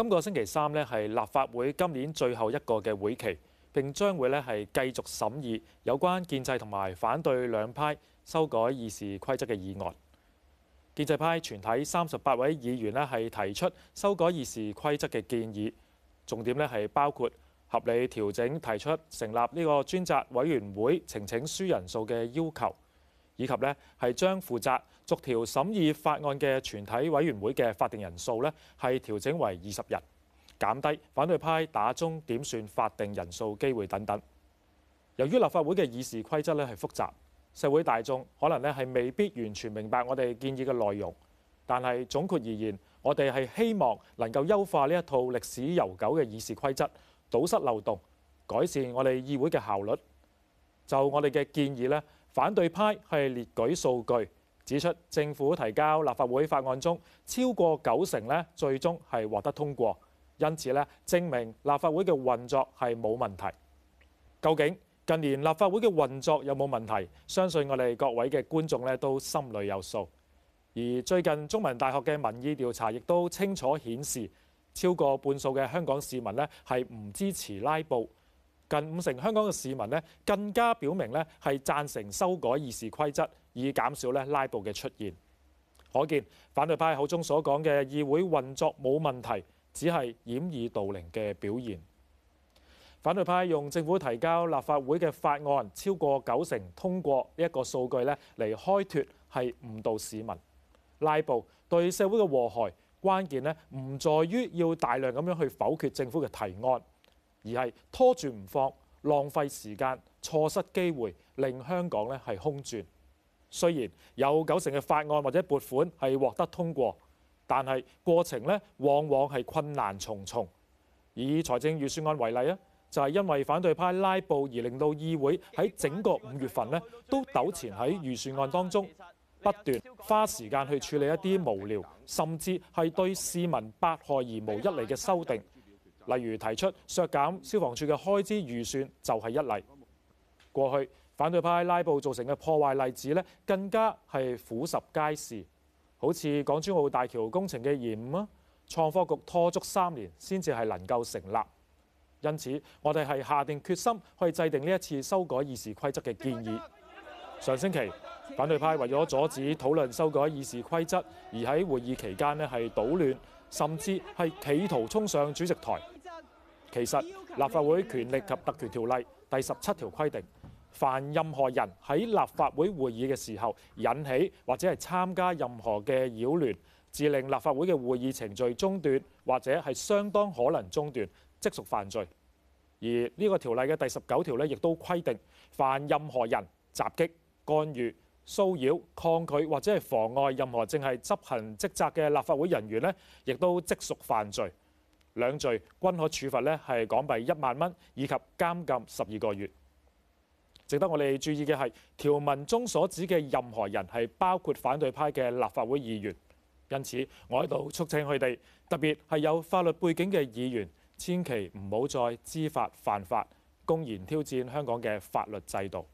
今個星期三咧，係立法會今年最後一個嘅會期，並將會咧係繼續審議有關建制同埋反對兩派修改議事規則嘅議案。建制派全體三十八位議員咧係提出修改議事規則嘅建議，重點咧係包括合理調整提出成立呢個專責委員會呈請書人數嘅要求。以及呢係將負責逐條審議法案嘅全體委員會嘅法定人數呢係調整為二十人，減低反對派打中點算法定人數機會等等。由於立法會嘅議事規則呢係複雜，社會大眾可能呢係未必完全明白我哋建議嘅內容。但係總括而言，我哋係希望能夠優化呢一套歷史悠久嘅議事規則，堵塞漏洞，改善我哋議會嘅效率。就我哋嘅建議呢。反對派係列舉數據指出，政府提交立法會法案中超過九成呢最終係獲得通過，因此呢證明立法會嘅運作係冇問題。究竟近年立法會嘅運作有冇問題？相信我哋各位嘅觀眾呢都心裏有數。而最近中文大學嘅民意調查亦都清楚顯示，超過半數嘅香港市民呢係唔支持拉布。近五成香港嘅市民呢，更加表明呢係贊成修改議事規則，以減少呢拉布嘅出現。可見反對派口中所講嘅議會運作冇問題，只係掩耳盜鈴嘅表現。反對派用政府提交立法會嘅法案超過九成通過呢一個數據呢嚟開脱，係誤導市民拉布對社會嘅禍害。關鍵呢唔在於要大量咁樣去否決政府嘅提案。而係拖住唔放，浪費時間、錯失機會，令香港呢係空轉。雖然有九成嘅法案或者撥款係獲得通過，但係過程呢往往係困難重重。以財政預算案為例啊，就係因為反對派拉布而令到議會喺整個五月份呢都糾纏喺預算案當中，不斷花時間去處理一啲無聊，甚至係對市民百害而無一利嘅修訂。例如提出削減消防署嘅開支預算就係一例。過去反對派拉布造成嘅破壞例子呢，更加係俯拾皆是，好似港珠澳大橋工程嘅延誤啊，創科局拖足三年先至係能夠成立。因此，我哋係下定決心去制定呢一次修改議事規則嘅建議。上星期，反對派為咗阻止討論修改議事規則，而喺會議期間呢係搗亂，甚至係企圖衝上主席台。其實《立法會權力及特權條例》第十七條規定，凡任何人喺立法會會議嘅時候引起或者係參加任何嘅擾亂，致令立法會嘅會議程序中斷或者係相當可能中斷，即屬犯罪。而呢個條例嘅第十九條呢，亦都規定，凡任何人襲擊、干預、騷擾、抗拒或者係妨礙任何正係執行職責嘅立法會人員呢，亦都即屬犯罪。兩罪均可處罰，呢係港幣一萬蚊以及監禁十二個月。值得我哋注意嘅係，條文中所指嘅任何人係包括反對派嘅立法會議員，因此我喺度促請佢哋，特別係有法律背景嘅議員，千祈唔好再知法犯法，公然挑戰香港嘅法律制度。